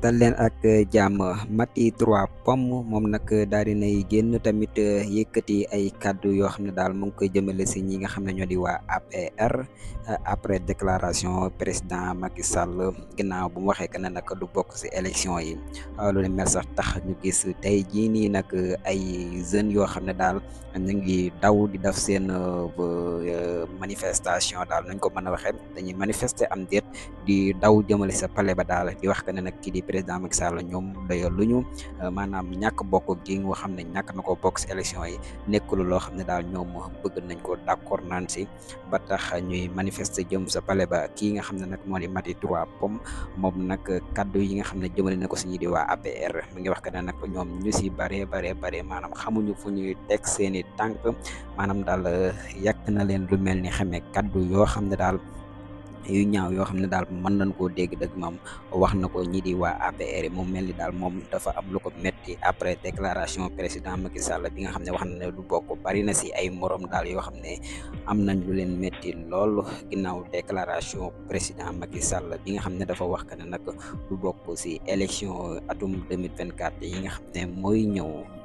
dal leen ak Mati 3 Pommes moom nag dari di nay génn tamit yëkkati ay kàddu yoo xam dal daal mu ngi ñi nga xam ñoo di wa APR eh, après déclaration président Macky Sall ginnaaw bu mu waxee que ne nag du bokk si élection yi ah, loolu mel sax tax ñu gis tey jii nii nag ay jeunes yoo xam ne ñu ngi daw di def seen eh, eh, manifestation daal nañ ko mën a dañuy manifester am di daw jëmale sa palais ba daal di wax que ne di président Macky Sall ñoom dayo lu ñu euh, maanaam ñàkk bokk gi nga xam ne ñàkk na élection yi nekkul loo xam ne daal ñoom bëgg nañ ko d'accord naan si ba tax ñuy manifester jëm sa palais ba kii nga xam ne nag di Mati Trois pom moom nag kaddu yi nga xam ne jëmale na ko si ñi di waa APR mi ngi wax que ne nag ñoom ñu si bare bare bare maanaam xamuñu fu ñuy teg seeni tànk maanaam daal yàq na leen lu mel ni xamee kaddu yoo xam yu ñaaw yoo xam ne daal mën nañ koo dégg dëgg moom wax na ko ñi di waa APR yi moom mel ni daal moom dafa am lu ko metti après déclaration président Macky Sall bi nga xam ne wax na ne du bokk bari na si ay morom daal yoo xam ne am nañ lu leen metti lool ginnaaw déclaration président Macky Sall bi nga xam ne dafa wax que ne nag du bokk si élection atum vingt 2024 yi nga xam ne mooy ñëw